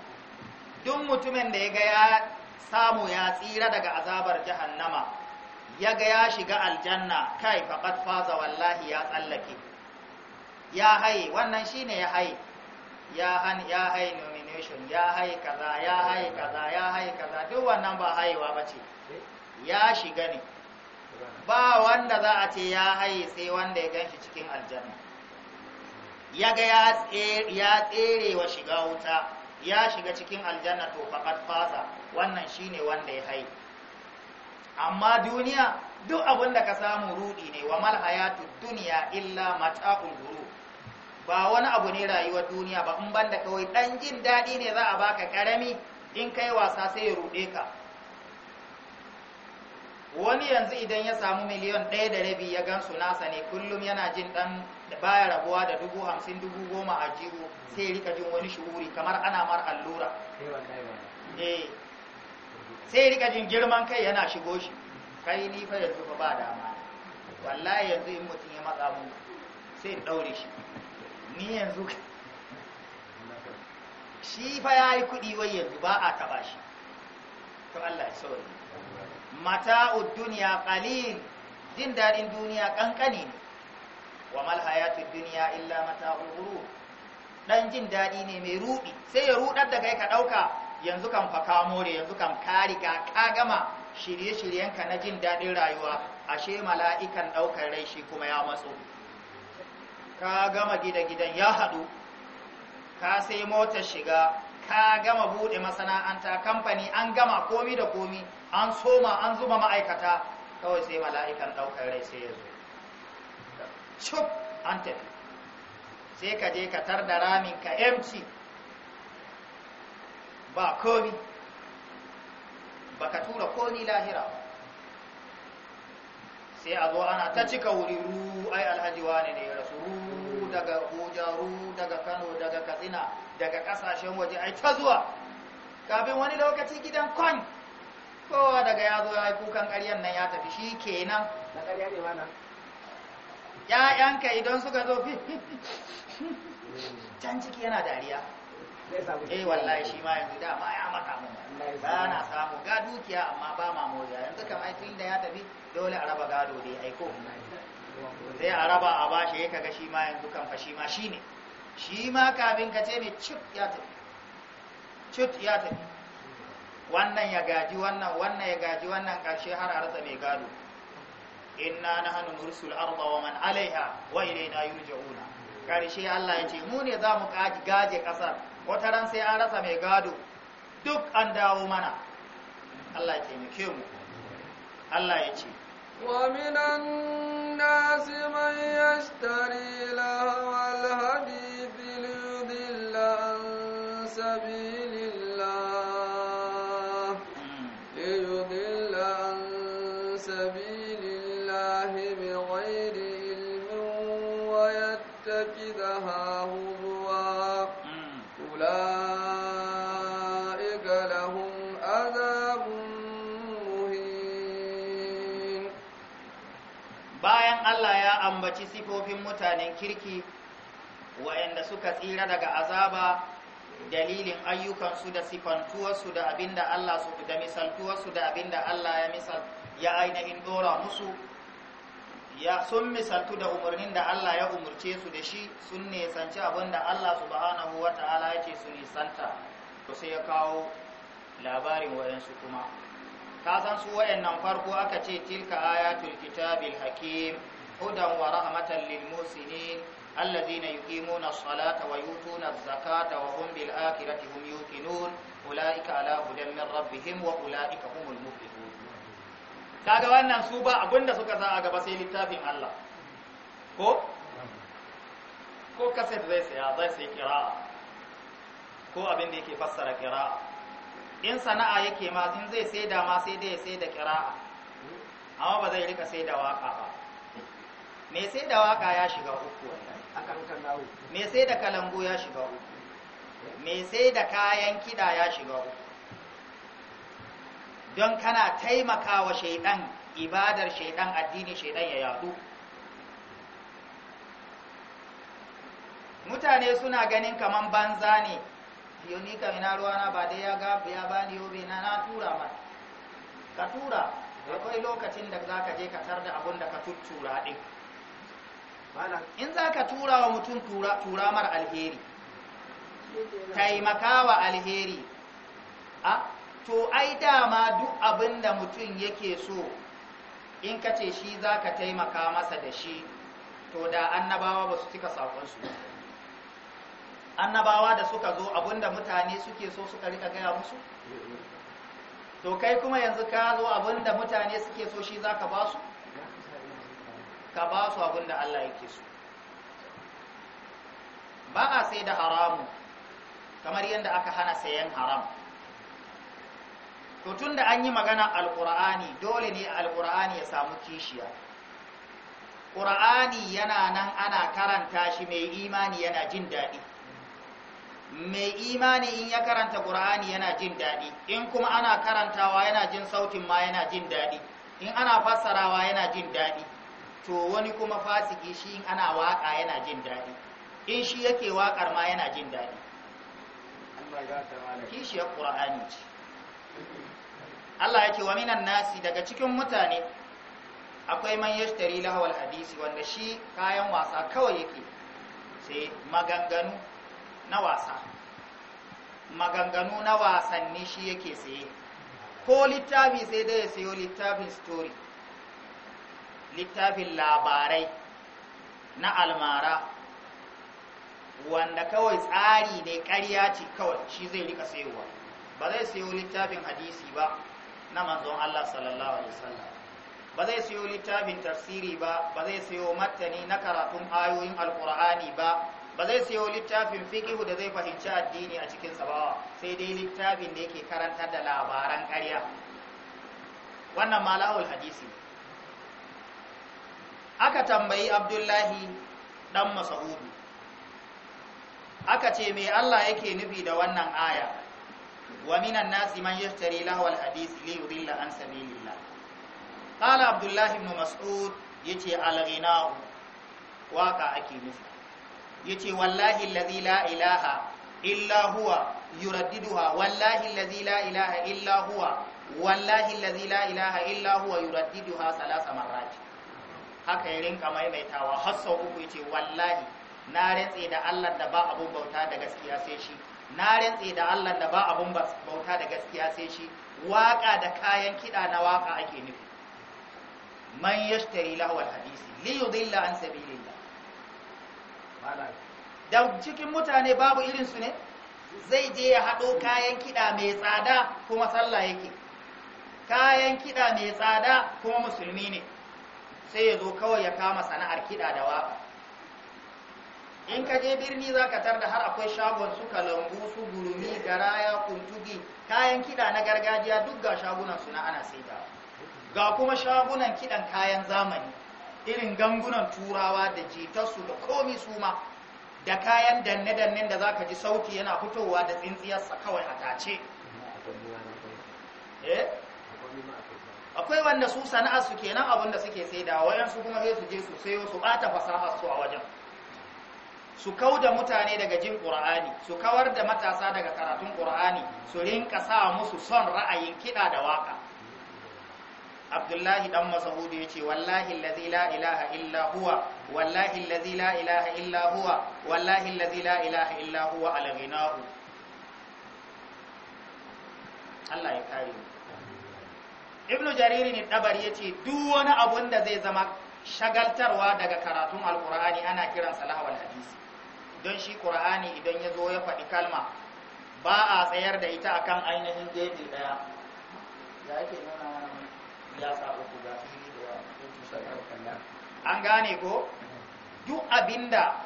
[SPEAKER 2] duk mutumin da ya ga ya samu ya tsira daga azabar jahannama ya ga ya shiga aljanna kai faqad faza wallahi ya tsallake ya haye wannan shine ya haye ya han ya haye nomination ya haye kaza ya haye kaza ya haye kaza duk wannan ba hayewa bace ya shiga ne ba wanda za a ce ya haye sai wanda ya ganshi cikin aljanna ya ga ya tsere wa shiga wuta ya shiga cikin aljanna to faqat faza wannan shine wanda ya hai amma duniya duk da ka samu rudi ne wa mal hayatu dunya illa mata'ul ghurur ba wani abu ne rayuwar duniya ba in banda kawai dan jin dadi ne za a baka karami in kai wasa sai ya rude ka wani yanzu idan ya samu miliyan ɗaya da rabi ya su nasa ne kullum yana jin ɗan baya rabuwa da dubu hamsin dubu goma a jiho sai rika jin wani shuhuri kamar ana mar allura eh, sai rika jin girman kai yana shigo shi kai ni fa yanzu fa ba dama wallahi yanzu in mutum ya matsa mu sai daure shi ni yanzu shi fa ya yi kuɗi wai yanzu ba a taba shi to Allah ya saurare mata duniya qalil jin daɗin duniya ƙanƙani ne wa mal hayatud duniya illa mata'ul ghurur dan jin daɗi ne mai rudi sai ya ruɗar da kai ka ɗauka. yanzu kan fa ka more yanzu kan ka ka gama shirye-shiryenka na jin daɗin rayuwa ashe mala'ikan ɗaukar rai shi kuma ya matso ka gama gida gidan ya haɗu. ka sai motar shiga ka gama bude masana'anta kamfani an gama komi da komi an soma an zuba ma'aikata kawai sai mala'ikan daukar rai sai ya zo cuk an tafi sai ka je ka tar da ramin ka emci ba komi ba ka tura komi lahira sai a zo ana ta cika wuri ru ai alhaji wane ne ya rasu daga abuja daga kano daga katsina daga kasashen waje ai ta zuwa kafin wani lokaci gidan kwan kowa daga ya zo ya yi kukan ƙaryan nan ya tafi shi kenan nan, ƙarya ne ‘ya'yanka idan suka zo fi can ciki yana dariya eh wallahi shi ma yanzu dama ya maka mun ba na samu ga dukiya amma ba ma yanzu kamar tun da ya tafi dole a raba gado dai aiko sai a raba a ba shi ya kaga shi ma yanzu kan shi ma shi ne shi ma kafin ka ce ne cut ya tafi wannan ya gaji wannan wannan ya gaji wannan karshe har a rasa mai gado inna hannun nursul arba wa man alaiha wa ilayna yurja'una karshe Allah ya ce mu ne za mu gaje kasar wata ran sai an rasa mai gado duk an dawo mana Allah ya taimake mu Allah ya ce
[SPEAKER 1] wa minan الناس من يشتري لهو الحديث ليضل عن سبيل
[SPEAKER 2] ambaci sifofin mutanen kirki waɗanda suka tsira daga azaba dalilin ayyukansu da sifantuwarsu da abinda Allah su da misaltuwarsu da abinda Allah ya misal ya ainihin dora musu ya sun misaltu da umarnin da Allah ya umurce su da shi sun nisanci abinda Allah subhanahu wata'ala ya ce su nisanta to sai ya kawo labarin wayansu kuma ka san su wayannan farko aka ce tilka ayatul kitabil hakim هدى ورحمة للمحسنين الذين يقيمون الصلاة ويؤتون الزكاة وهم بالآخرة هم يوقنون أولئك على هدى من ربهم وأولئك هم المفلحون kaga wannan su ba abinda suka sa a gaba sai littafin Allah ko ko kaset zai saya zai sai ko abin da yake fassara kira'a in sana'a yake ma in zai sai da sai dai sai da amma ba zai rika sai da waka me sai da waka ya shiga uku mai sai da kalangu ya shiga uku me sai da kayan kida ya shiga uku don kana taimakawa shaidan ibadar shaidan addini shaidan ya yadu mutane suna ganin kamar banza ne yoni kam ina ruwana ba dai ya ga ya bani yobe na na tura ma ka tura akwai lokacin da za ka je ka tar da abun da ka tuttura din in za ka tura wa mutum tura mar alheri
[SPEAKER 3] taimakawa
[SPEAKER 2] alheri a to ai dama duk abin da mutum yake so in ka ce shi za ka taimaka masa da shi to da annabawa ba su cika saƙonsu. annabawa da suka zo abinda mutane suke so suka rika gaya musu to kai kuma yanzu ka zo abinda mutane suke so shi za ka ba su ka ba su abin da Allah yake so ba a sai da haramu kamar yadda aka hana sayan haram to tun da an yi magana alkur'ani dole ne alkur'ani ya samu kishiya ƙur'ani yana nan ana karanta shi mai imani yana jin daɗi mai imani in ya karanta ƙur'ani yana jin daɗi in kuma ana karantawa yana jin sautin ma yana jin daɗi in ana fassarawa yana jin daɗi to wani kuma fasiki shi in ana waka yana jin daɗi in shi yake wakar ma yana jin daɗi kishiyar ƙura'ani ce Allah ya wa minan nasi daga cikin mutane akwai man yashtari lahawal hadisi wanda shi kayan wasa kawai yake sai maganganu na wasa maganganu na wasanni shi yake saye ko littafi sai dai ya sayo littafin story littafin labarai na almara wanda kawai tsari ne ƙarya ce kawai shi zai rika sayowa ba zai sayo littafin hadisi ba na manzon Allah sallallahu alaihi wasallam ba zai sayo littafin tafsiri ba ba zai sayo matani na karatun ayoyin alkur'ani ba ba zai sayo littafin fikihu da zai fahimci addini a cikin sa ba sai dai littafin da yake karantar da labaran ƙarya wannan mala'ul hadisi aka tambayi abdullahi dan mas'udu aka ce me Allah yake nufi da wannan aya wa minan nasi man yashtari lahwal hadith li yudilla an sabilillah qala abdullahi ibn mas'ud yace al-ghina'u waka ake nufi yace wallahi allazi la ilaha illa huwa yuraddiduha wallahi allazi la ilaha illa huwa wallahi allazi la ilaha illa huwa yuraddiduha thalatha marrati haka ya rinka maimaitawa har sau uku yace wallahi na rantse da Allah da ba abun bauta da gaskiya sai shi na rantse da Allah da ba abun bauta da gaskiya sai shi waka da kayan kida na waka ake nufi man yashtari lahu hadisi li yudilla an sabilillah da cikin mutane babu irin su ne zai je ya hado kayan kida mai tsada kuma sallah yake kayan kida mai tsada kuma musulmi ne sai ya zo kawai ya kama sana'ar kiɗa da waƙa in ka je birni za ka tar da har akwai shagon su kalambu su gurumi garaya kuntugi kayan kiɗa na gargajiya duk ga shagunan su na ana saida ga kuma shagunan kiɗan kayan zamani irin gangunan turawa da jitarsu da komi su ma da kayan danne danne da za ka ji sauti yana fitowa da tsintsiyarsa kawai a tace eh? akwai wanda su sana'ar su kenan abin da suke saida wayan kuma sai su je su sayo su bata fasahar a wajen su da mutane daga jin qur'ani su kawar da matasa daga karatun qur'ani su rinka sa musu son ra'ayin kida da waka abdullahi dan masahudi yace wallahi allazi la ilaha illa huwa wallahi allazi la ilaha illa huwa wallahi allazi la ilaha illa huwa al Allah ya kare mu ibnu jaririn dabar ya ce duk wani abun da zai zama shagaltarwa daga karatun alkur'ani ana kiransa lahawal hadisi don shi kur'ani idan ya zo ya faɗi kalma ba a tsayar da ita akan ainihin gefe ɗaya ya yake nuna ya sa uku ga fili da an gane ko duk abinda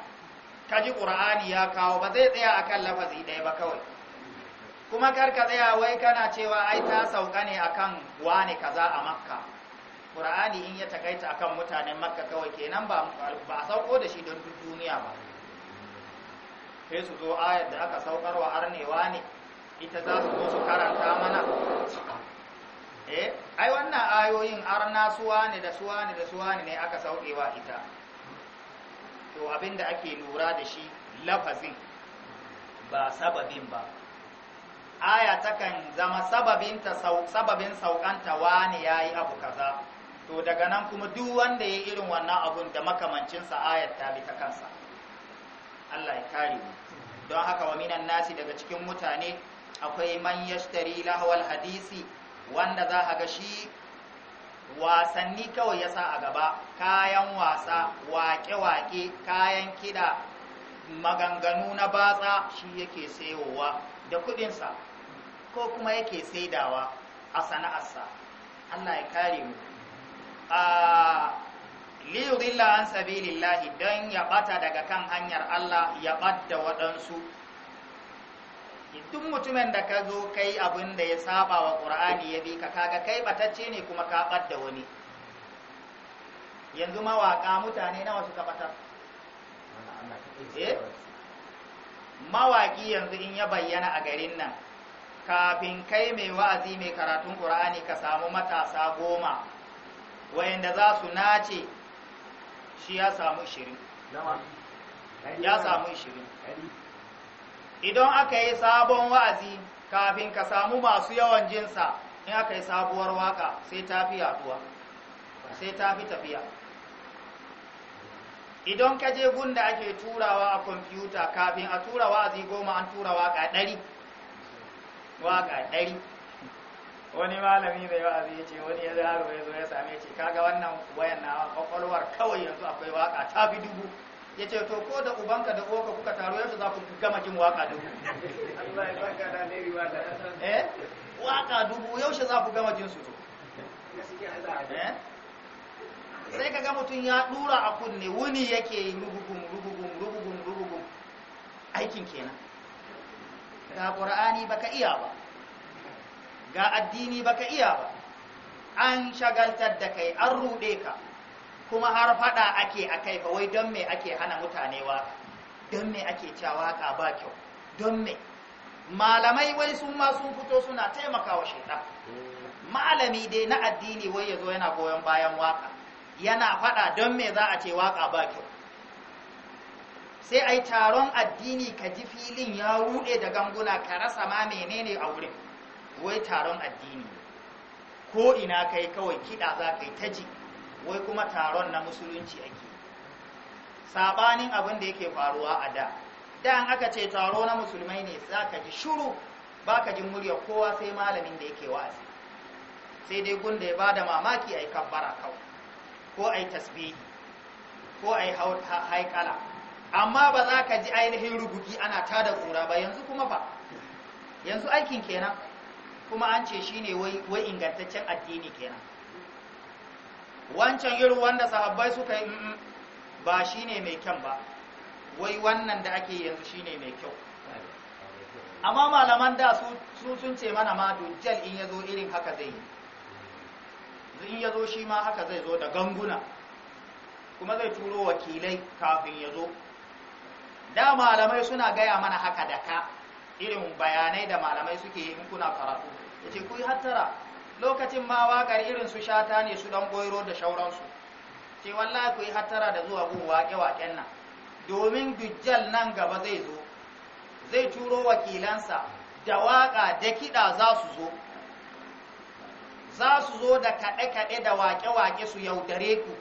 [SPEAKER 2] kaji ƙur'ani ya kawo ba zai tsaya akan lafazi ɗaya ba kawai kuma karka tsaya wai kana cewa ai ta sauka ne akan wani kaza a makka qur'ani in ya takaita akan mutanen makka kawai kenan ba ba sauko da shi don duk duniya ba sai su zo ayar da aka saukarwa arnewa ne ita za su zo su karanta mana eh ai wannan ayoyin arna suwa ne da suwa ne da suwa ne aka saukewa ita to abinda ake lura da shi lafazin ba sababin ba aya takan zama sababin ta wani ya yi abu kaza to daga nan kuma duk wanda ya irin wannan abun da makamancinsa ayar ta bi ta kansa Allah ya kare mu don haka wa minan nasi daga cikin mutane akwai man yashtari lahawal hadisi wanda za a ga shi wasanni kawai ya sa a gaba kayan wasa wake-wake kayan kida maganganu na batsa shi yake sayowa da kudinsa ko kuma yake saidawa a sana'arsa Allah ya kare mu a liyurilla an sabilillahi don ya bata daga kan hanyar Allah ya ɓadda waɗansu duk mutumin da ka zo kai abin da ya saba wa ƙur'ani ya bi ka kaga kai batacce ne kuma ka ɓadda wani yanzu mawaƙa mutane nawa suka ɓatar mawaki yanzu in ya bayyana a garin nan kafin kai mai wa'azi mai karatun ƙur'ani ka samu matasa goma wayanda za su nace shi ya samu ishirin ya samu shirin idan aka yi sabon wa'azi kafin ka samu masu yawan jinsa in aka yi sabuwar waka sai ta fi yaduwa sai ta fi tafiya idan ka je gunda ake turawa a kwamfuta kafin a tura wa'azi goma an tura waka ɗari waka ɗari wani malami da yawa zai ce wani ya zaro ya zo ya same ce kaga wannan wayan na kwakwalwar kawai yanzu akwai waka ta fi dubu ya ce to ko da ubanka da uwanka kuka taro yanzu za ku gama jin waka dubu waka eh? dubu yaushe za ku gama jin su to sai kaga mutum ya dura a kunne wuni yake yi rugugun, rugugun, rugugun, rugugun. aikin kenan ga ba baka iya ba ga addini baka iya ba an shagaltar da kai an rude ka kuma har fada ake a kai ba wai don me ake hana mutane waka don me ake cewa waka ba kyau don me malamai wai sun ma sun fito suna taimakawa shaitan malami dai na addini wai yazo yana goyon bayan waka yana faɗa don me za a ce waƙa ba kyau sai a yi taron addini ka ji filin ya ruɗe da ganguna ka rasa ma menene a wurin wai taron addini ko ina kai kawai kiɗa za ka ta ji wai kuma taron na musulunci ake saɓanin abin da yake faruwa a da dan aka ce taro na musulmai ne za ka ji shuru ba ka ji murya kowa sai malamin da yake wa'azi sai dai gunda ya bada mamaki a yi kabbara kawai ko a yi tasbihi ko a yi haikala amma ba za ka ji ainihin rubuki ana tada ƙura ba yanzu kuma fa yanzu aikin kenan kuma an ce shine wai ingantaccen addini kenan wancan irin wanda sahabbai suka yi ba shine mai kyan ba wai wannan da ake yanzu shine mai kyau amma malaman da su sun ce mana ma jal in ya zo irin haka zai yi in ya zo shi ma haka zai zo da ganguna kuma zai turo wakilai kafin ya zo da malamai suna gaya mana haka da ka irin bayanai da malamai suke yi in kuna karatu ya ce kuyi hattara lokacin ma waƙar irin su shata ne su don goyiro da shauransu ce wallahi kuyi hattara da zuwa gun waƙe-waƙen nan domin dujjal nan gaba zai zo zai turo wakilansa da waƙa da kiɗa za su zo za su zo da kaɗe-kaɗe da waƙe-waƙe su yaudare ku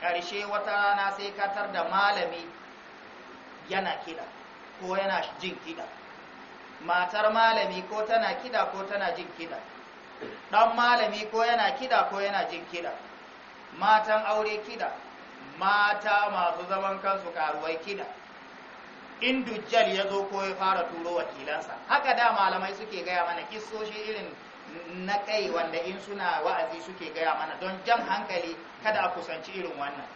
[SPEAKER 2] ƙarshe wata rana sai katar da malami yana kiɗa ko yana jin kiɗa matar malami ko tana kiɗa ko tana jin kiɗa ɗan malami ko yana kiɗa ko yana jin kiɗa matan aure kiɗa mata masu zaman kansu karuwai kiɗa in dujjal ya zo ko ya fara turo wakilansa haka da malamai suke gaya mana kisoshi irin na kai wanda in suna wa'azi suke gaya mana don jan hankali kada a kusanci irin wannan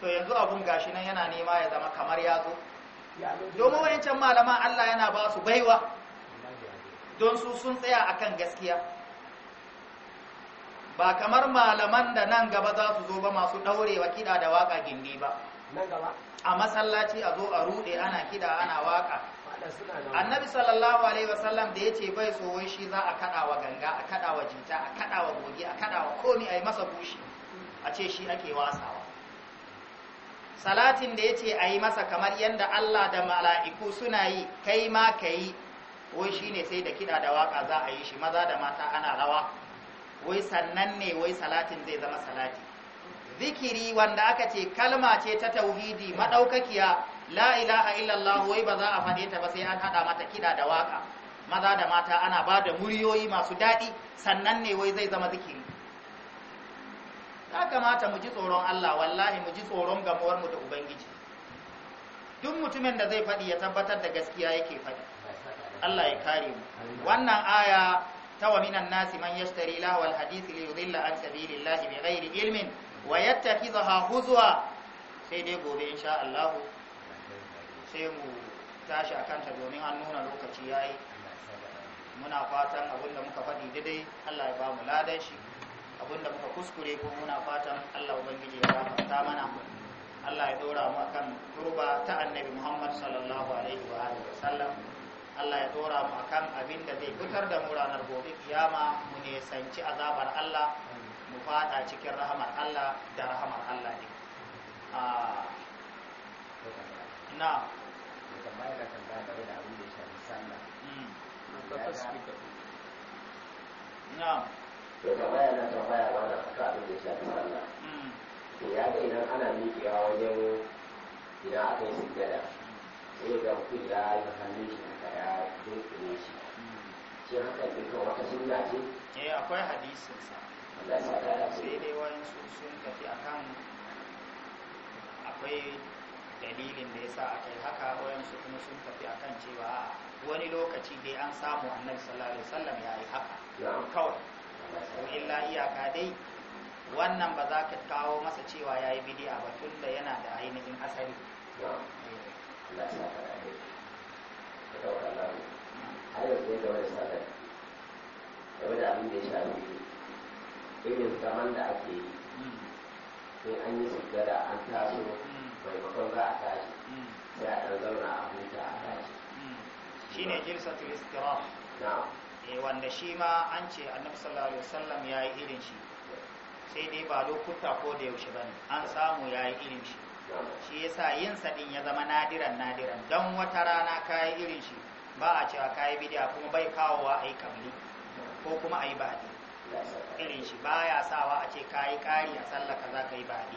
[SPEAKER 2] to yanzu abun gashi nan yana nema ya zama kamar ya zo domin wayancan malaman Allah yana ba su baiwa don su sun tsaya akan gaskiya ba kamar malaman da nan gaba za su zo ba masu daurewa kiɗa da waka gindi ba a masallaci a zo a rude ana kiɗa ana waka annabi sallallahu alaihi wasallam da yace bai tsoron shi za a kada wa ganga a kada wa jita a kada wa gogi a kada wa komi ai masa bushi a ce shi ake wasawa salatin da yace yi masa kamar yadda Allah da mala'iku suna yi kai ma kai wai shine sai da kida da waka za a yi shi maza da mata ana rawa wai sannan ne wai salatin zai zama salati zikiri wanda aka ce kalma ce ta tauhidi maɗaukakiya. la ilaha illallah wai ba za a faɗe ta ba sai an haɗa mata kiɗa da waka maza da mata ana ba da muryoyi masu daɗi sannan ne wai zai zama zikiri ya kamata mu ji tsoron Allah wallahi mu ji tsoron mu da Ubangiji duk mutumin da zai faɗi ya tabbatar da gaskiya yake faɗi Allah ya kare mu wannan aya ta wa minan nasi man yashtari wal hadisi li yudilla an sabilillahi bighairi ilmin wa yattakhidha huzwa sai dai gobe insha Allah sai mu tashi a kanta domin an nuna lokaci ya yi muna fatan abinda muka faɗi daidai allah ya ba mu ladan shi abinda muka kuskure ko muna fatan allah ubangiji ya gafarta mana allah ya ɗora mu akan turba ta annabi muhammad sallallahu alaihi wa alihi wasallam allah ya ɗora mu akan abin da zai fitar da mu ranar gobe kiyama mu ne sanci azabar allah mu faɗa cikin rahamar allah da rahamar allah ne ah. na amma yana kan game da abin da ya shafi sallah hmm. na'am tambaya ba da
[SPEAKER 3] suka abin da ya shafi sallah hmm. to ya ga idan ana miƙewa wajen idan aka yi sujjada sai ga ya yi hannun shi ya dunkule shi
[SPEAKER 2] hmm. shi haka wata sunna ce eh akwai hadisin sa sai dai sun tafi akan akwai dalilin da ya sa a kai haka wayansu kuma sun tafi a kan cewa wani lokaci dai an samu annabi sallallahu alaihi wasallam ya yi haka kawai ko illa iyaka dai wannan ba za ka kawo masa cewa ya yi bidiya ba tun da yana da ainihin asali eh.
[SPEAKER 3] game da abin da ya shafi irin zaman da ake yi hmm.
[SPEAKER 2] sai an yi sigara an taso hmm. a zauna a a shine jilsatul istirah na'am eh wanda shi ma an ce annabi sallallahu alaihi wasallam yayi irin shi sai dai ba lokuta ko da yaushe bane an samu yayi irin shi shi yasa yin sa din ya zama nadiran nadiran dan wata rana kai irin shi ba a cewa kai bid'a kuma bai wa ai kamli ko kuma ai badi irin shi baya sawa a ce kai kari a sallah kaza yi badi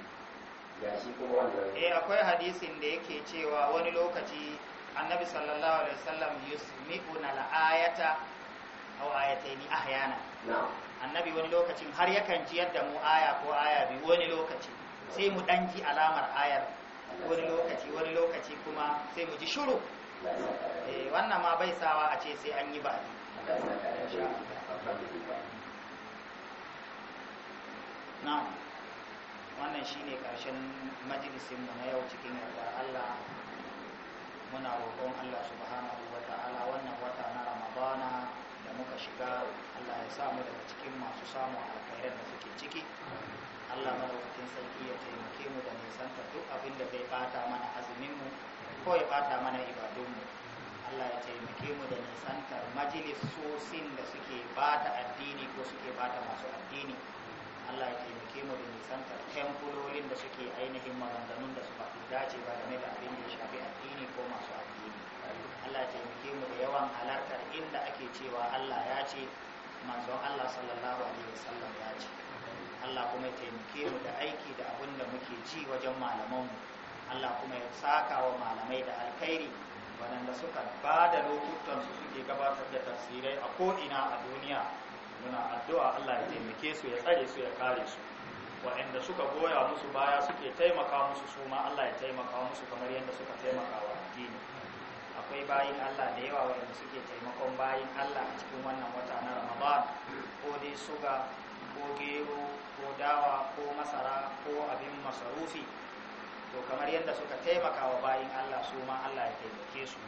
[SPEAKER 2] eh akwai hadisin da yake cewa wani lokaci annabi sallallahu alaihi wasallam yusmiu na ayata aw ayataini ahyana annabi wani lokacin har yakan ji yadda mu aya ko aya biyu wani lokaci sai mu dan ji alamar ayar wani lokaci wani lokaci kuma sai mu ji shuru eh wannan ma bai sawa a ce sai an yi ba na'am wannan shine karshen ƙarshen majalisinmu na yau cikin yarda Allah muna roƙon Allah subhanahu wa ta'ala wannan wata na Ramadana da muka shiga Allah ya samu daga cikin masu samun alkhairar da suke ciki Allah madaukakin sarki ya taimake mu da nisanta duk abin da zai bata mana azumin mu ko ya bata mana ibadunmu. Allah ya taimake mu da nisantar majalisosin da suke bata addini ko suke bata masu addini Allah ya taimake mu da nisanta temkulolin da suke ainihin maganganun da su fi dace ba game da abin da ya shafi addini ko masu addini Allah ya taimake mu da yawan halartar inda ake cewa Allah ya ce manzon Allah sallallahu alaihi wasallam ya ce Allah kuma ya taimake mu da aiki da abin da muke ji wajen malaman mu Allah kuma ya saka wa malamai da alkhairi waɗanda suka ba da lokutan su suke gabatar da tafsirai a ko'ina a duniya muna addu'a Allah ya taimake su ya tsare su ya kare su waɗanda suka goya musu baya suke taimaka musu su ma Allah ya taimaka musu kamar yadda suka taimaka wa addini akwai bayin Allah da yawa waɗanda suke taimakon bayin Allah a cikin wannan wata na Ramadan ko dai suga ko gero ko dawa ko masara ko abin masarufi to kamar yadda suka taimaka wa bayin Allah su ma Allah ya taimake su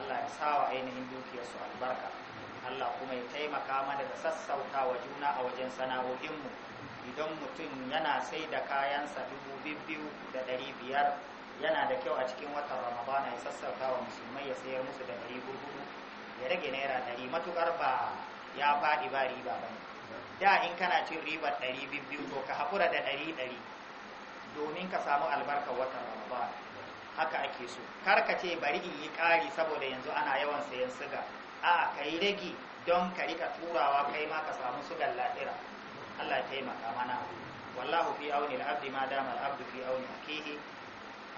[SPEAKER 2] Allah ya sa'wa wa ainihin dukiyarsu albarka Allah kuma ya taimaka mana da sassauta wa juna a wajen sana'o'inmu idan mutum yana sai da kayansa dubu biyu da ɗari biyar yana da kyau a cikin watan ramadana ya sassauta wa musulmai ya sayar musu da ɗari gurgudu ya rage naira ɗari matuƙar ba ya faɗi ba riba ba da in kana cin ribar ɗari biyu to ka haƙura da ɗari ɗari domin ka samu albarkar watan ramadana haka ake so kar ka ce bari in yi ƙari saboda yanzu ana yawan sayan siga A'a a ka yi rage don ka rika turawa kai ma ka samu su lahira Allah ya taimaka mana wallahu fi auni al-abdi ma dama al-abdu fi auni akihi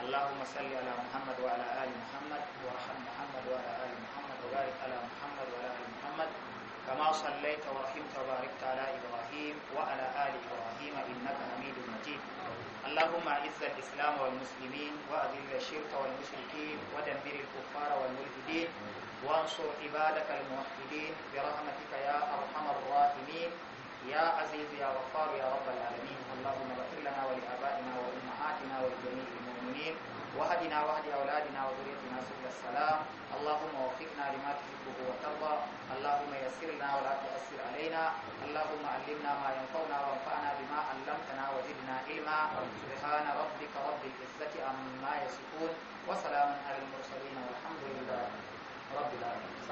[SPEAKER 2] Allahumma salli ala Muhammad wa ala ali Muhammad wa rahim Muhammad wa ala ali Muhammad wa barik Muhammad wa ala ali Muhammad kama sallaita wa rahim tabarik ala Ibrahim wa ala ali Ibrahim innaka Hamidum Majid Allahumma izz al-islam wal muslimin wa adhil shirka wal mushrikeen wa dammir al-kuffara wal mulhidin وانصر عبادك الموحدين برحمتك يا ارحم الراحمين يا عزيز يا غفار يا رب العالمين اللهم اغفر لنا ولابائنا وامهاتنا ولجميع المؤمنين وهدنا وهد اولادنا وذريتنا سبل السلام اللهم وفقنا لما تحبه وترضى اللهم يسر لنا ولا تؤثر علينا اللهم علمنا ما ينفعنا وانفعنا بما علمتنا وزدنا علما سبحان ربك رب العزه عما يصفون وسلام على المرسلين والحمد لله 好了，回来。上。